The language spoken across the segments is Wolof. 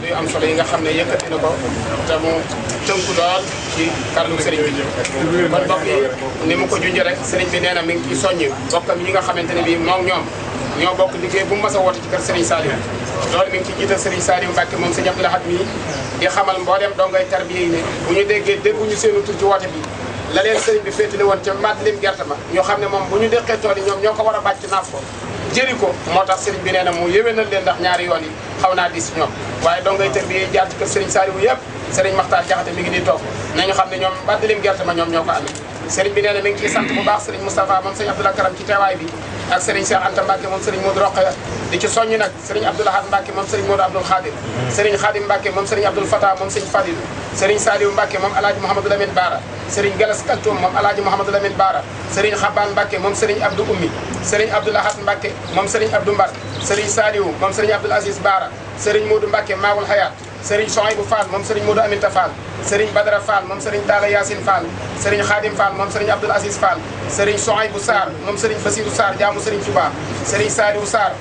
kàddu am solo yi nga xam ne yëkkati na ko tënku lool ci kàddu sëriñ bi kon mbokk yi ni mu ko rek sëriñ bi nee mi yi nga xamante ne bi moom ñoom ñoo bokk liggéey bu mu mas a woote ci kër sëriñ Saliou loolu mi ci jiital sëriñ Saliou Mbacke moom sëriñ Abdou Lahad mii di xamal mboolem dongay tarbiya yi ne bu ñu déggee dégguñu seenu tur ci woote bi la leen sëriñ bi féetale woon ca maat lim gerte ma ñoo xam ne moom bu ñu déqee tool ñoom ñoo ko war a bàcc naaf ko jëri ko moo tax sëriñ bi nee na mu yéwénal leen ndax ñaari yoon yi xaw naa dis ñoom waaye dongay tër bi jaar ci kër sëriñ Saliou yëpp sëriñ Maxtaar Jaxate mi ngi nii toog nañu xam ne ñoom bàddalim gerte ma ñoom ñoo ko amee sëriñ bi nee na mi ngi ciy sant bu baax sëriñ Moustapha moom sëriñ Abdoulaye Karam ci teewaay bi ak Serigne Cheikh Anta Mbacke moom Serigne Modou Rokhaya di ci soññ nag Serigne Abdoul Ahad Mbacke moom Serigne Modou Abdoul Khadir mm. Serigne Khadim Mbacke moom Serigne Abdoul Fatah moom Serigne Fadilou Serigne Saliou Mbacke moom Alaaji Mouhamadou Lamine Bara Serigne Galas Kaltoum moom Alaaji Mouhamadou Lamine Bara Serigne Xabaan Mbacke moom Serigne Abdou Ummi Serigne Abdoul Ahad Mbacke moom Serigne Abdou Mbar Serigne Saliou moom Serigne Abdoul Aziz Bara Serigne Modou Mbacke Maawul Hayaat Serigne Sohaybou Fall moom Serigne Modou Aminta Fall Serigne Badara Fall moom Serigne Talla Yacine Fall Serigne Khadim Fall moom Serigne Abdoul Aziz Fall Serigne Sohaybou Sarr moom Serigne Bassirou Sarr jaamu Serigne Touba Serigne Saliou Sarr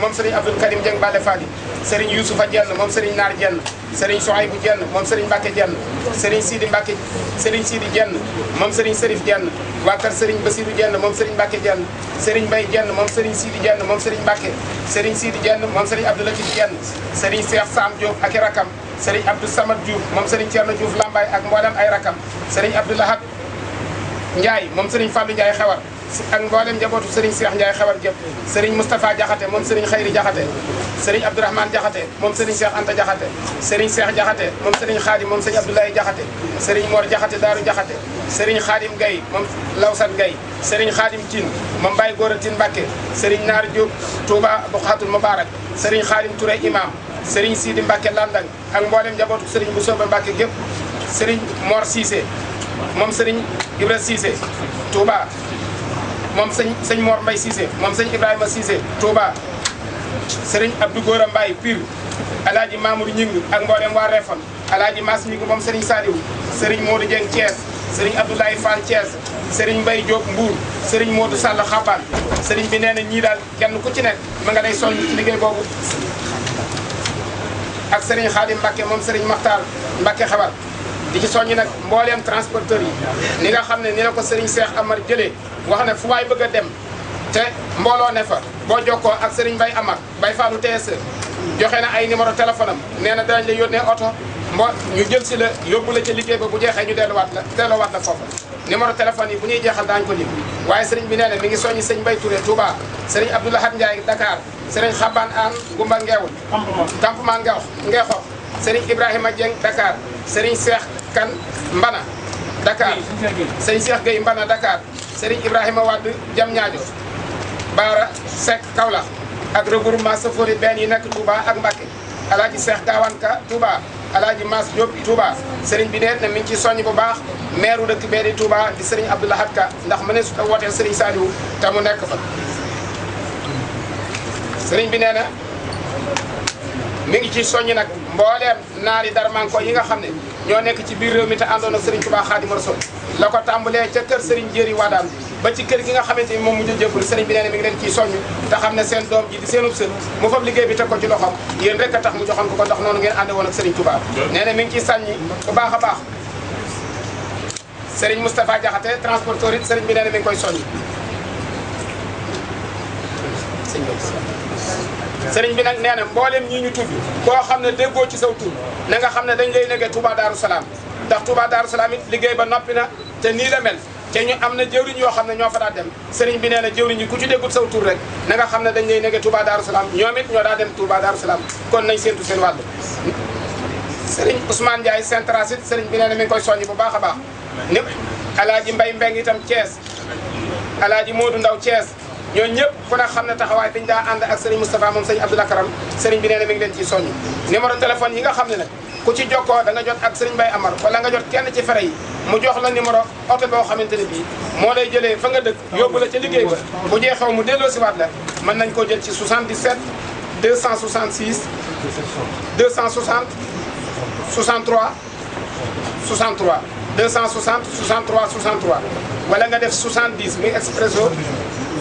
moom Serigne Abdoul Karim Dieng Balla Fally Serigne Youssoufa Dieng moom Serigne Naar Dieng Serigne Sohaybou Dieng moom Serigne Mbacke Dieng Serigne Sidi Mbacke Serigne Sidi Dieng moom Serigne Serif Dieng waa kër Serigne Bassirou Dieng moom Serigne Mbacke Dieng Serigne Mbaye Dieng moom Serigne Sidi Dieng moom Serigne Mbacke Serigne Sidi Dieng moom Serigne Abdou Latif Dieng Serigne Cheikh Sam Diop ak i rakam Serigne Abdou Samad Diouf moom Serigne Thierno Diouf lambaay ak mboolem ay rakam Serigne Abdou Lahad Ndiaye moom Serigne Fallou Ndiaye xewar ak mboolem njabootu Serigne Cheikh Ndiaye xabar gépp Serigne Moustapha Diakhaté moom Serigne Khayri Diakhaté Serigne Abdourahmane Diakhaté moom Serigne Cheikh Anta Diakhaté Serigne Cheikh Diakhaté moom Serigne Khadim moom Serigne Abdoulaye Diakhaté Serigne Mor Diakhaté Daaru Diakhaté Serigne Khadim Gaye moom Lawsat Gaye Serigne Khadim Tine moom Baye Gora Tine Mbacké Serigne Naar Diop Touba Bokhatul Mubarak Serigne Khadim Touré Imam Serigne Sidi Mbacké Landang ak mboolem njabootu Serigne Bousso Mbacké gépp Serigne Mor Cissé moom Serigne Ibra Cissé Touba moom sëñ sëñ Mor Mbaye Cissé moom sëñ Ibrahima Cissé Touba sëriñ Abdou Gora Mbaye Pire alaaji Mamour Ñing ak mboolem waa Refan alaaji Mass Ñing moom sëriñ Saliou sëriñ Modou Dieng Thiès sëriñ Abdoulaye Fall Thiès sëriñ Mbaye Diop Mbour sëriñ Modou Sall Xabaan sëriñ bi nee na ñii daal kenn ku ci nekk ma nga lay soññ ci liggéey boobu ak sëriñ Xaadim Mbacke moom sëriñ Makhtar Mbacke xabar di ci soññi nag mbooleem transporteur yi ni nga xam ne ni la ko Serigne Cheikh Amar jëlee wax ne fu waay bëgg a dem te mbooloo ne fa boo jokkoo ak Serigne Mbaye Amar Baye Fallou TSE joxe na ay numéro téléphone am nee na danañ la yónnee oto mbo ñu jël si la yóbbu la ca liggéey ba bu jeexee ñu delluwaat la delluwaat la foofa numéro téléphone yi bu ñuy jeexal daañu ko lim waaye sëriñ bi nee na mi ngi soññi sëñ Mbaye Touré Touba sëriñ Abdoulahad Ndiaye Dakar sëriñ Xabaan An Gumba Ngeewul campement Ngeex Ngeexox sëriñ Ibrahima Dieng Dakar sëriñ Cheikh kan Mbana Dakar sëñ Cheikh Gueye Mbana Dakar Serigne Ibrahima Wade Diamniadio Baara Seck Kaolack ak regroupement safori benn yi nekk Touba ak Mbacké alaaj seex Gawane Ka Touba alaaji Mass Diop Touba Serigne bi nee na mi ngi ci soññ bu baax maire dëkk bee di Touba di Serigne Abdou Ka ndax mu ne su ko wootee Serigne Saliou mu nekk fa Serigne bi nee ci soññ nag mbooleem naari darmanko yi nga xam ne ñoo nekk ci biir réew mi te àndoon ak Serigne Touba Khadimou Rassoul la ko tàmbalee ca kër Serigne Jéeri Wadaan ba ci kër gi nga xamante moom mu jëjëful Serigne bi nee mi ngi leen ciy soññ te xam ne seen doom ji di seenub sën mu fab liggéey bi teg ko ci loxoom yéen rek a tax mu joxoon ko ko ndax noonu ngeen ànde woon ak Serigne Touba nee mi ciy sàññi bu baax a baax Serigne Moustapha Diakhaté it Serigne bi nee na mi ngi koy soññ sëriñ bi nag nee na mboolem ñii ñu tudd koo xam ne déggoo ci saw tur na nga xam ne dañ lay nege tubaa Darou Salaam ndax tubaa Darou Salaam it liggéey ba noppi na te nii la mel te ñu am na jëwriñ yoo xam ne ñoo fa daa dem sëriñ bi neen na jëwriñ yi ku ci déggut saw tur rek na xam ne dañ lay nege Touba Darou Salaam ñoom it ñoo daa dem Touba Darou Salaam kon nañ séentu seen wàll sëriñ Ousmane Ndiaye seen transit sëriñ bi nee na mi ngi koy soññi bu baax a baax ni alaaji Mbay Mbeng itam Thiès alaaji Moodu Ndaw Thiès ñooñu ñëpp ku ne xam ne taxawaay bi ñu daa ànd ak sëriñ Moustapha moom sëriñ Abdoul Karam sëriñ bi nee na mi ngi leen ciy soññ numéro téléphone yi nga xam ne nag ku ci jokkoo da nga jot ak sëriñ Baye Amar wala nga jot kenn ci fere yi mu jox la numéro oto boo xamante ne bii moo lay jëlee fa nga dëkk yóbbu la ca liggéey ba bu jeexoo mu delloo si waat la mën nañ koo jël ci 77 266 260 63 63 260 63 63 wala nga def 70 muy expresso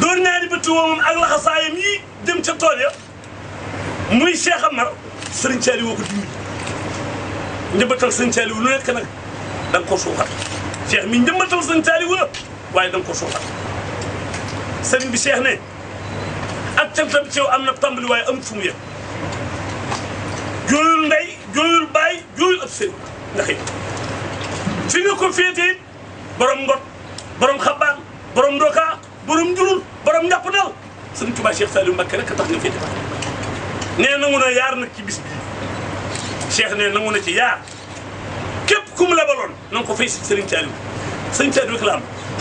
دور ناري بتوام أغلى خصائمي دم تطوليا مي شيخ أمر سرنشالي وقدمي نبتل سرنشالي ونويت كنا دم كوشوها شيخ مين دم بتل سرنشالي ولا واي دم كوشوها سرن بشيخنا أكتم تبتيو أم نبتم بلواي أم فمية جول ناي جول باي جول أبسل نخي فيني كوفيتين برمغر برم خبان برم دوكا برم دو شيخ سالم مكه كتاخ نفي تبارك ني نونا يار نك كي بيس شيخ ني نونا تي يار كيب كوم لبالون نونكو في سيرين تالو سيرين تالو كلام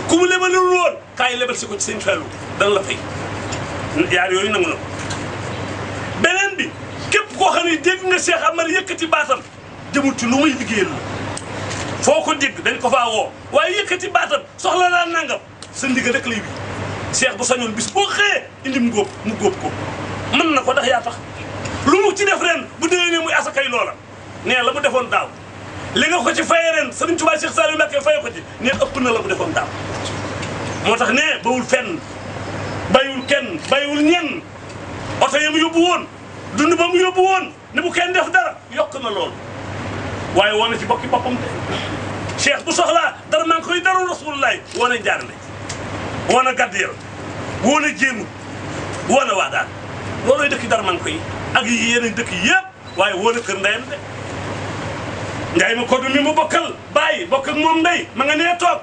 كوم لبالون رول كاي لبال سيكو سيرين تالو دان لا يار يوي نونا بنين بي كيب كو خاني ديب نا شيخ عمر يكتي باسام ديمو تي لوماي ليغيل فوكو ديب دنج كو فا وو واي يكتي باسام سوخلا لا سندي ديك ليبي seex bu sañoon bis boo xëyee indi mu góob mu góob ko mën na ko ndax yaa tax lu mu ci def ren bu déwénee muy asakay loola nee la mu defoon daaw li nga ko ci fayee ren Sëriñ Tuubaa Cheikh Saliou Mbacké fayee ko ci nee ëpp na la mu defoon daaw moo tax ne bawul fenn bayul kenn bayul ñenn oto ya mu yóbbu woon dund ba mu yóbbu woon ne kenn def dara yokk na lool waaye woon na ci bokki boppam de cheikh bu soxlaa dara maa koy daru rasulullah woon a njaarale wona gaddiyel wona jéemul wona waadaan looloy dëkki darmanko yi ak yi yeneen dëkk yëpp waaye wona kër ndeyam de njaay ma mi mu bokkal bàyyi bokk ak moom ndey ma nga nee toog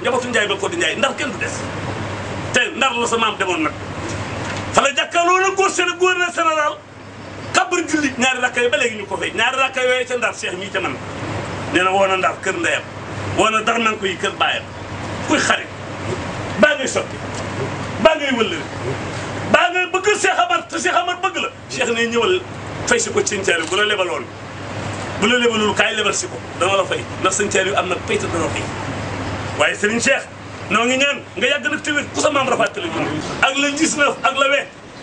njabootu njaay ma koddu njaay ndar kenn du des te ndar la sa maam demoon nag fa la jàkkaarloo na góor seen gouverneur général kabbar julli ñaari rakka yi ba léegi ñu ko fay ñaari rakka yooyu ca ndar Cheikh mii ca man nee na a ndar kër ndeyam woon a darmanko yi kër bàyyam kuy xarit ngay soppi baa ngay wëllëri baa ngay bëgg Cheikh Amar te see Amar bëgg la Cheikh ne ñëwal fay si ko sëñ Saaliw bu la lebaloon bu la lebalul kaay lebal si ko dana la fay ndax sëñ Saaliw am na payta dana fay waaye sëriñ Cheikh noo ngi ñaan nga yàgg nag tamit ku sa maam rafattali ñun ak la 19 ak la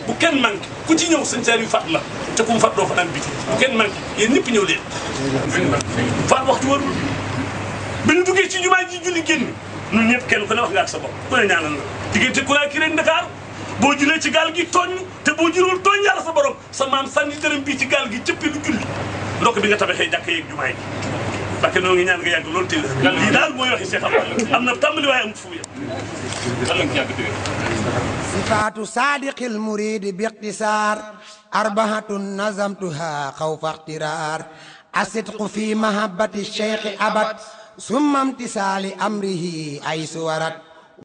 bu kenn manqué ku ci ñëw sëñ Saaliw fàtt la te ku mu fàtt doo fanaan biti bu kenn manqué yéen ñëpp ñëw leen faat waxtu warul bi ñu duggee ci jumaa ji ñun kenal kenn ku ne wax nga ak sa bopp ku ne ñaanal nga diggante Kura ki rek Dakar boo julee ci gaal gi tooñ te boo jurul tooñ yàlla sa borom sa maam sànni dërëm bii ci gaal gi cëppi lu julli ndokk bi nga tabaxee jàkk yeeg jumaa yi parce que noo ngi ñaan nga yàgg loolu te lii daal mooy waxi Cheikh Abdou am na tàmbali waaye amut صفات صادق المريد باقتصار أربعة نظمتها خوف اقترار الصدق في محبة الشيخ أبد summa imtisaali amrihi ay suwarat